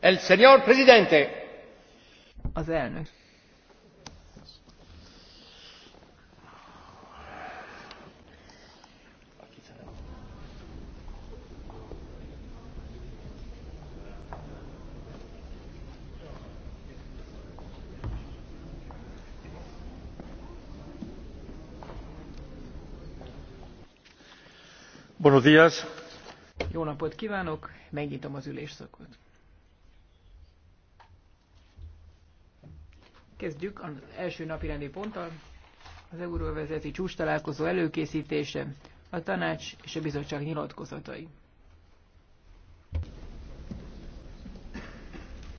El señor presidente. Az elnök. jó napot kvánok megnyitom az ülésszakot. Kezdjük az első napi rendi ponttal, az euróvezeti csúcs találkozó előkészítése, a tanács és a bizottság nyilatkozatai.